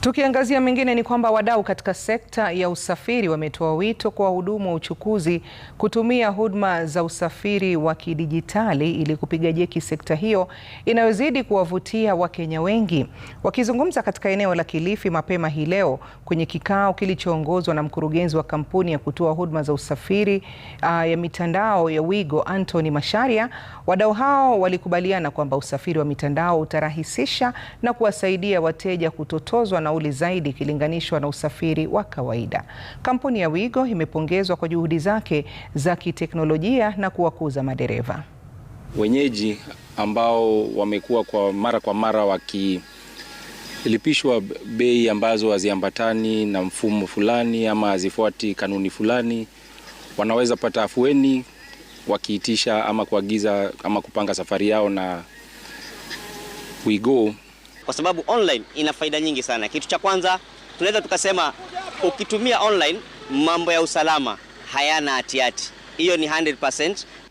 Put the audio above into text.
Tukiangazia mengine ni kwamba wadau katika sekta ya usafiri wametoa wito kwa wahudumu wa uchukuzi kutumia huduma za usafiri wa kidijitali ili kupiga jeki sekta hiyo inayozidi kuwavutia Wakenya wengi. Wakizungumza katika eneo la Kilifi mapema hii leo kwenye kikao kilichoongozwa na mkurugenzi wa kampuni ya kutoa huduma za usafiri uh, ya mitandao ya Wigo Anthony masharia wadau hao walikubaliana kwamba usafiri wa mitandao utarahisisha na kuwasaidia wateja kutotozwa na nauli zaidi ikilinganishwa na usafiri wa kawaida. Kampuni ya Wigo imepongezwa kwa juhudi zake za kiteknolojia na kuwakuza madereva wenyeji ambao wamekuwa kwa mara kwa mara wakilipishwa bei ambazo haziambatani na mfumo fulani ama hazifuati kanuni fulani, wanaweza pata afueni wakiitisha ama kuagiza ama kupanga safari yao na Wigo kwa sababu online ina faida nyingi sana. Kitu cha kwanza tunaweza tukasema, ukitumia online mambo ya usalama hayana hatihati, hiyo ni 100%.